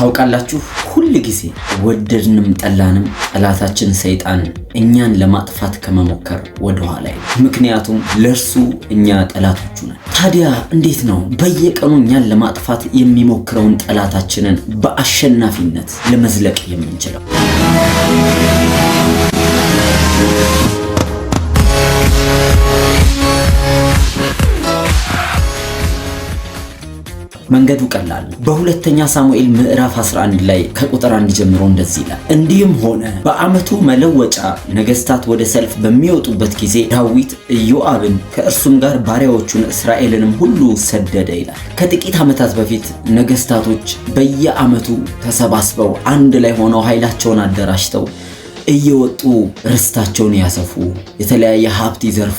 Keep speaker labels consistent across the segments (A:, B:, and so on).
A: ታውቃላችሁ፣ ሁል ጊዜ ወደድንም ጠላንም ጠላታችን ሰይጣን እኛን ለማጥፋት ከመሞከር ወደኋላ ምክንያቱም ለእርሱ እኛ ጠላቶቹ ነን። ታዲያ እንዴት ነው በየቀኑ እኛን ለማጥፋት የሚሞክረውን ጠላታችንን በአሸናፊነት ለመዝለቅ የምንችለው? መንገዱ ቀላል ነው። በሁለተኛ ሳሙኤል ምዕራፍ 11 ላይ ከቁጥር 1 ጀምሮ እንደዚህ ይላል፣ እንዲህም ሆነ በዓመቱ መለወጫ ነገስታት ወደ ሰልፍ በሚወጡበት ጊዜ ዳዊት ኢዮአብን ከእርሱም ጋር ባሪያዎቹን እስራኤልንም ሁሉ ሰደደ ይላል። ከጥቂት ዓመታት በፊት ነገስታቶች በየዓመቱ ተሰባስበው አንድ ላይ ሆነው ኃይላቸውን አደራጅተው እየወጡ ርስታቸውን ያሰፉ፣ የተለያየ ሀብት ይዘርፉ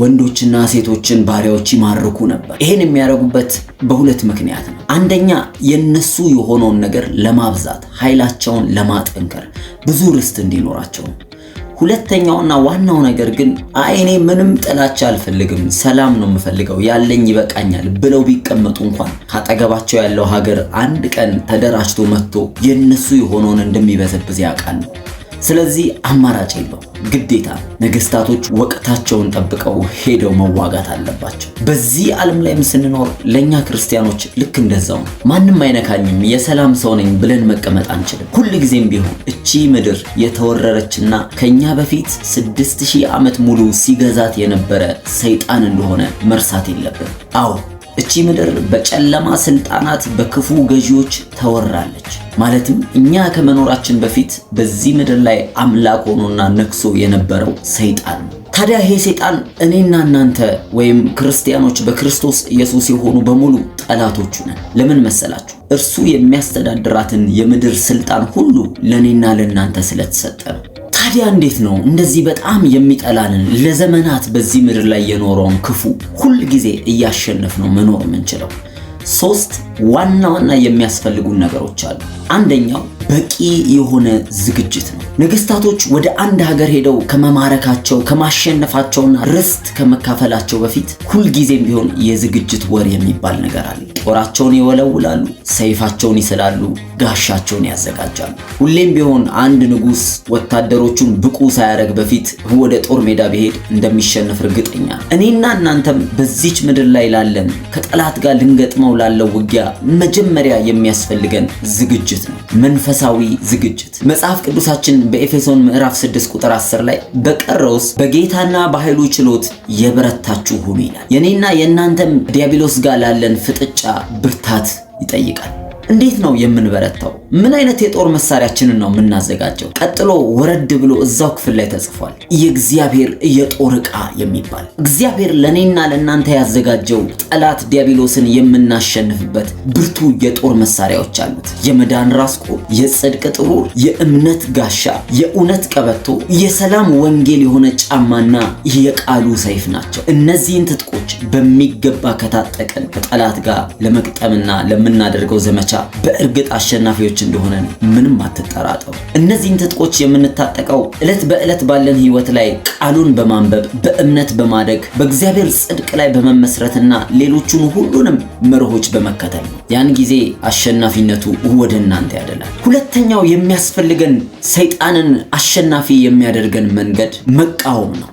A: ወንዶችና ሴቶችን ባሪያዎች ይማርኩ ነበር። ይህን የሚያደርጉበት በሁለት ምክንያት ነው። አንደኛ የነሱ የሆነውን ነገር ለማብዛት፣ ኃይላቸውን ለማጠንከር፣ ብዙ ርስት እንዲኖራቸው ሁለተኛውና ዋናው ነገር ግን አይኔ ምንም ጥላቻ አልፈልግም፣ ሰላም ነው የምፈልገው፣ ያለኝ ይበቃኛል ብለው ቢቀመጡ እንኳን ካጠገባቸው ያለው ሀገር አንድ ቀን ተደራጅቶ መጥቶ የነሱ የሆነውን እንደሚበዘብዝ ያውቃል። ስለዚህ አማራጭ የለው፣ ግዴታ ነገስታቶች ወቅታቸውን ጠብቀው ሄደው መዋጋት አለባቸው። በዚህ ዓለም ላይም ስንኖር ለእኛ ክርስቲያኖች ልክ እንደዛው ነው። ማንም አይነካኝም የሰላም ሰው ነኝ ብለን መቀመጥ አንችልም። ሁል ጊዜም ቢሆን እቺ ምድር የተወረረችና ከእኛ በፊት ስድስት ሺህ ዓመት ሙሉ ሲገዛት የነበረ ሰይጣን እንደሆነ መርሳት የለብን። አዎ እቺ ምድር በጨለማ ስልጣናት በክፉ ገዢዎች ተወራለች። ማለትም እኛ ከመኖራችን በፊት በዚህ ምድር ላይ አምላክ ሆኖና ነግሶ የነበረው ሰይጣን ነው። ታዲያ ይሄ ሰይጣን እኔና እናንተ ወይም ክርስቲያኖች በክርስቶስ ኢየሱስ የሆኑ በሙሉ ጠላቶቹ ነን። ለምን መሰላችሁ? እርሱ የሚያስተዳድራትን የምድር ስልጣን ሁሉ ለእኔና ለእናንተ ስለተሰጠ ነው። ታዲያ እንዴት ነው እንደዚህ በጣም የሚጠላንን ለዘመናት በዚህ ምድር ላይ የኖረውን ክፉ ሁል ጊዜ እያሸነፍ ነው መኖር የምንችለው? ሶስት ዋና ዋና የሚያስፈልጉን ነገሮች አሉ። አንደኛው በቂ የሆነ ዝግጅት ነው። ነገስታቶች ወደ አንድ ሀገር ሄደው ከመማረካቸው ከማሸነፋቸውና ርስት ከመካፈላቸው በፊት ሁልጊዜም ቢሆን የዝግጅት ወር የሚባል ነገር አለ። ጦራቸውን ይወለውላሉ፣ ሰይፋቸውን ይስላሉ፣ ጋሻቸውን ያዘጋጃሉ። ሁሌም ቢሆን አንድ ንጉስ ወታደሮቹን ብቁ ሳያደርግ በፊት ወደ ጦር ሜዳ ቢሄድ እንደሚሸነፍ እርግጠኛ እኔና እናንተም በዚች ምድር ላይ ላለን ከጠላት ጋር ልንገጥመው ላለው ውጊያ መጀመሪያ የሚያስፈልገን ዝግጅት ነው፣ መንፈሳዊ ዝግጅት። መጽሐፍ ቅዱሳችን በኤፌሶን ምዕራፍ 6 ቁጥር 10 ላይ በቀረውስ በጌታና በኃይሉ ችሎት የበረታችሁ ሁኑ ይላል። የኔና የእናንተም ዲያብሎስ ጋር ላለን ፍጥጫ ብርታት ይጠይቃል። እንዴት ነው የምንበረታው? ምን አይነት የጦር መሳሪያችንን ነው የምናዘጋጀው? ቀጥሎ ወረድ ብሎ እዛው ክፍል ላይ ተጽፏል። የእግዚአብሔር የጦር ዕቃ የሚባል እግዚአብሔር ለእኔና ለእናንተ ያዘጋጀው ጠላት ዲያብሎስን የምናሸንፍበት ብርቱ የጦር መሳሪያዎች አሉት። የመዳን ራስ ቁር፣ የጽድቅ ጥሩር፣ የእምነት ጋሻ፣ የእውነት ቀበቶ፣ የሰላም ወንጌል የሆነ ጫማና የቃሉ ሰይፍ ናቸው። እነዚህን ትጥቆች በሚገባ ከታጠቀን ከጠላት ጋር ለመቅጠምና ለምናደርገው ዘመቻ በእርግጥ አሸናፊዎች እንደሆነ ምንም አትጠራጠሩ። እነዚህን ትጥቆች የምንታጠቀው ዕለት በዕለት ባለን ህይወት ላይ ቃሉን በማንበብ በእምነት በማደግ በእግዚአብሔር ጽድቅ ላይ በመመስረትና ሌሎቹን ሁሉንም መርሆች በመከተል ነው። ያን ጊዜ አሸናፊነቱ ወደ እናንተ ያደላል። ሁለተኛው የሚያስፈልገን ሰይጣንን አሸናፊ የሚያደርገን መንገድ መቃወም ነው።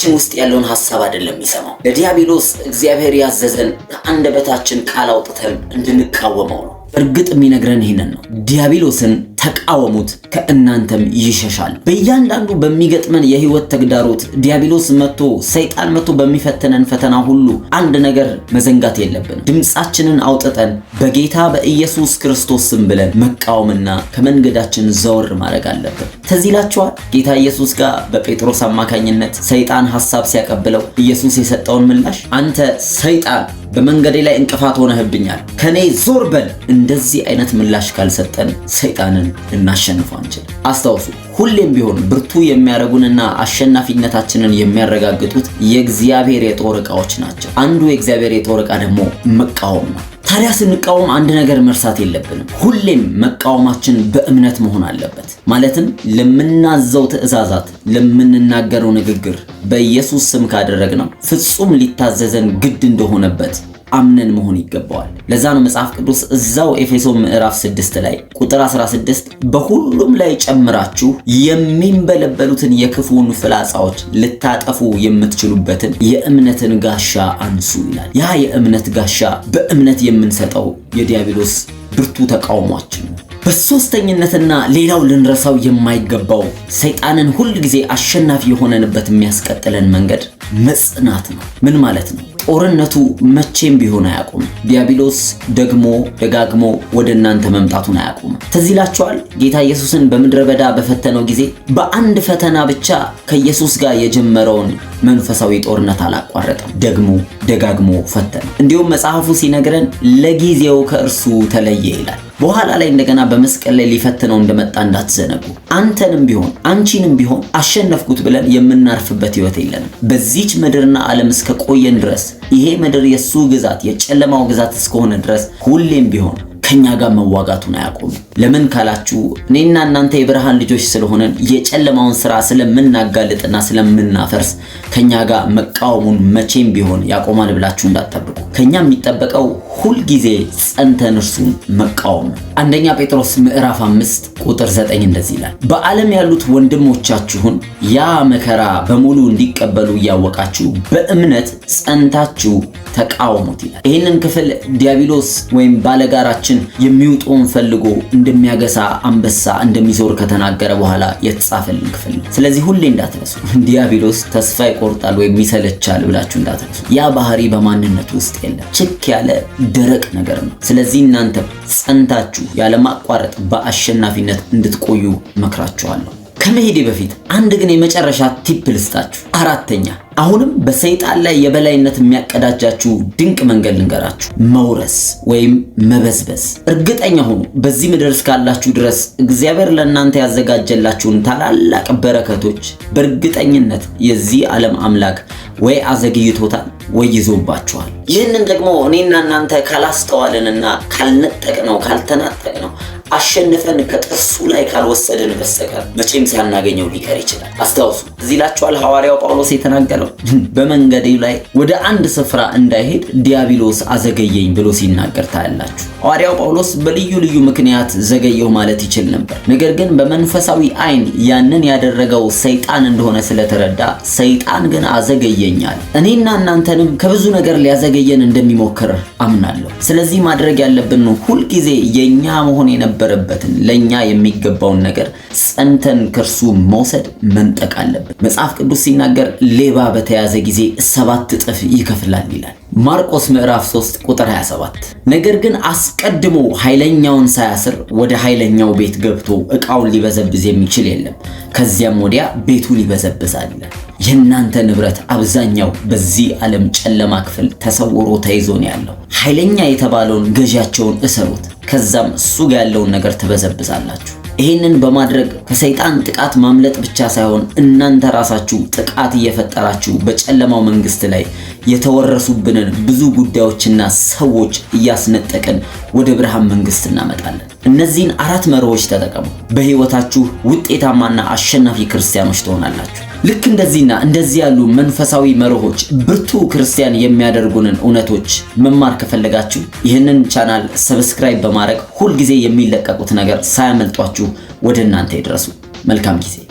B: በልባችን ውስጥ ያለውን ሀሳብ አይደለም የሚሰማው። ለዲያብሎስ እግዚአብሔር ያዘዘን ከአንደበታችን ቃል አውጥተን እንድንቃወመው ነው። እርግጥ የሚነግረን ይህንን ነው። ዲያብሎስን ተቃወሙት ከእናንተም ይሸሻል። በእያንዳንዱ በሚገጥመን የህይወት ተግዳሮት ዲያብሎስ መጥቶ ሰይጣን መጥቶ በሚፈትነን ፈተና ሁሉ አንድ ነገር መዘንጋት የለብን። ድምፃችንን አውጥተን በጌታ በኢየሱስ ክርስቶስ ስም ብለን መቃወምና ከመንገዳችን ዘወር ማድረግ አለብን። ትዝ ይላችኋል? ጌታ ኢየሱስ ጋር በጴጥሮስ አማካኝነት ሰይጣን ሐሳብ ሲያቀብለው ኢየሱስ የሰጠውን ምላሽ አንተ ሰይጣን በመንገዴ ላይ እንቅፋት ሆነህብኛል፣ ከኔ ዞር በል። እንደዚህ አይነት ምላሽ ካልሰጠን ሰይጣንን ልናሸንፈው አንችል። አስታውሱ፣ ሁሌም ቢሆን ብርቱ የሚያደርጉንና አሸናፊነታችንን የሚያረጋግጡት የእግዚአብሔር የጦር ዕቃዎች ናቸው። አንዱ የእግዚአብሔር የጦር ዕቃ ደግሞ መቃወም ነው። ታዲያ ስንቃወም አንድ ነገር መርሳት የለብንም። ሁሌም መቃወማችን በእምነት መሆን አለበት። ማለትም ለምናዘው ትእዛዛት፣ ለምንናገረው ንግግር በኢየሱስ ስም ካደረግነው ፍጹም ሊታዘዘን ግድ እንደሆነበት አምነን መሆን ይገባዋል። ለዛ ነው መጽሐፍ ቅዱስ እዛው ኤፌሶ ምዕራፍ 6 ላይ ቁጥር 16 በሁሉም ላይ ጨምራችሁ የሚንበለበሉትን የክፉን ፍላጻዎች ልታጠፉ የምትችሉበትን የእምነትን ጋሻ አንሱ ይላል። ያ የእምነት ጋሻ በእምነት የምንሰጠው የዲያብሎስ ብርቱ ተቃውሟችን ነው። በሶስተኝነትና ሌላው ልንረሳው የማይገባው ሰይጣንን ሁል ጊዜ አሸናፊ የሆነንበት የሚያስቀጥለን መንገድ መጽናት ነው። ምን ማለት ነው? ጦርነቱ መቼም ቢሆን አያቁም። ዲያብሎስ ደግሞ ደጋግሞ ወደ እናንተ መምጣቱን አያቁም። ትዝ ይላችኋል ጌታ ኢየሱስን በምድረ በዳ በፈተነው ጊዜ በአንድ ፈተና ብቻ ከኢየሱስ ጋር የጀመረውን መንፈሳዊ ጦርነት አላቋረጠም። ደግሞ ደጋግሞ ፈተነ። እንዲሁም መጽሐፉ ሲነግረን ለጊዜው ከእርሱ ተለየ ይላል። በኋላ ላይ እንደገና በመስቀል ላይ ሊፈትነው እንደመጣ እንዳትዘነጉ። አንተንም ቢሆን አንቺንም ቢሆን አሸነፍኩት ብለን የምናርፍበት ህይወት የለንም። በዚች ምድርና ዓለም እስከቆየን ድረስ ይሄ ምድር የሱ ግዛት የጨለማው ግዛት እስከሆነ ድረስ ሁሌም ቢሆን ከኛ ጋር መዋጋቱን አያቆም። ለምን ካላችሁ እኔና እናንተ የብርሃን ልጆች ስለሆነን የጨለማውን ስራ ስለምናጋልጥና ስለምናፈርስ ከኛ ጋር መቃወሙን መቼም ቢሆን ያቆማል ብላችሁ እንዳትጠብቁ። ከኛ የሚጠበቀው ሁልጊዜ ጸንተን እርሱን መቃወም ነው። አንደኛ ጴጥሮስ ምዕራፍ አምስት ቁጥር ዘጠኝ እንደዚህ ይላል፣ በዓለም ያሉት ወንድሞቻችሁን ያ መከራ በሙሉ እንዲቀበሉ እያወቃችሁ በእምነት ጸንታችሁ ተቃውሙት ይላል። ይህንን ክፍል ዲያብሎስ ወይም ባለጋራችን የሚውጠውን ፈልጎ እንደሚያገሳ አንበሳ እንደሚዞር ከተናገረ በኋላ የተጻፈልን ክፍል ነው። ስለዚህ ሁሌ እንዳትረሱ ዲያብሎስ ተስፋ ይቆርጣል ወይም ይሰለቻል ብላችሁ እንዳትረሱ። ያ ባህሪ በማንነቱ ውስጥ የለም። ችክ ያለ ደረቅ ነገር ነው። ስለዚህ እናንተ ጸንታችሁ ያለማቋረጥ በአሸናፊነት እንድትቆዩ መክራችኋለሁ። ከመሄዴ በፊት አንድ ግን የመጨረሻ ቲፕ ልስጣችሁ። አራተኛ አሁንም በሰይጣን ላይ የበላይነት የሚያቀዳጃችሁ ድንቅ መንገድ ልንገራችሁ፣ መውረስ ወይም መበዝበዝ። እርግጠኛ ሁኑ በዚህ ምድር እስካላችሁ ድረስ እግዚአብሔር ለእናንተ ያዘጋጀላችሁን ታላላቅ በረከቶች በእርግጠኝነት የዚህ ዓለም አምላክ ወይ አዘግይቶታል ወይ ይዞባችኋል። ይህንን ደግሞ እኔና እናንተ ካላስተዋልንና ካልነጠቅ ነው ካልተናጠቅ ነው አሸንፈን ከጥርሱ ላይ ካልወሰድን በስተቀር መቼም ሳናገኘው ሊቀር ይችላል። አስታውሱ፣ እዚህ ላችኋል ሐዋርያው ጳውሎስ የተናገረው ነበር። በመንገዴ ላይ ወደ አንድ ስፍራ እንዳይሄድ ዲያብሎስ አዘገየኝ ብሎ ሲናገር ታያላችሁ። ሐዋርያው ጳውሎስ በልዩ ልዩ ምክንያት ዘገየው ማለት ይችል ነበር። ነገር ግን በመንፈሳዊ ዓይን ያንን ያደረገው ሰይጣን እንደሆነ ስለተረዳ ሰይጣን ግን አዘገየኛል። እኔና እናንተንም ከብዙ ነገር ሊያዘገየን እንደሚሞክር አምናለሁ። ስለዚህ ማድረግ ያለብን ሁልጊዜ የኛ መሆን የነበረበትን ለኛ የሚገባውን ነገር ጸንተን ከእርሱ መውሰድ መንጠቅ አለብን። መጽሐፍ ቅዱስ ሲናገር ሌባ በተያዘ ጊዜ ሰባት እጥፍ ይከፍላል ይላል ማርቆስ ምዕራፍ 3 ቁጥር 27። ነገር ግን አስቀድሞ ኃይለኛውን ሳያስር ወደ ኃይለኛው ቤት ገብቶ እቃውን ሊበዘብዝ የሚችል የለም፣ ከዚያም ወዲያ ቤቱን ይበዘብዛል። የእናንተ ንብረት አብዛኛው በዚህ ዓለም ጨለማ ክፍል ተሰውሮ ተይዞ ነው ያለው። ኃይለኛ የተባለውን ገዢያቸውን እሰሩት፣ ከዛም እሱ ጋር ያለውን ነገር ትበዘብዛላችሁ። ይህንን በማድረግ ከሰይጣን ጥቃት ማምለጥ ብቻ ሳይሆን እናንተ ራሳችሁ ጥቃት እየፈጠራችሁ በጨለማው መንግስት ላይ የተወረሱብንን ብዙ ጉዳዮችና ሰዎች እያስነጠቅን ወደ ብርሃን መንግስት እናመጣለን። እነዚህን አራት መርሆች ተጠቀሙ። በህይወታችሁ ውጤታማና አሸናፊ ክርስቲያኖች ትሆናላችሁ። ልክ እንደዚህና እንደዚህ ያሉ መንፈሳዊ መርሆች ብርቱ ክርስቲያን የሚያደርጉንን እውነቶች መማር ከፈለጋችሁ ይህንን ቻናል ሰብስክራይብ በማድረግ ሁልጊዜ የሚለቀቁት ነገር ሳያመልጧችሁ ወደ እናንተ ይድረሱ። መልካም ጊዜ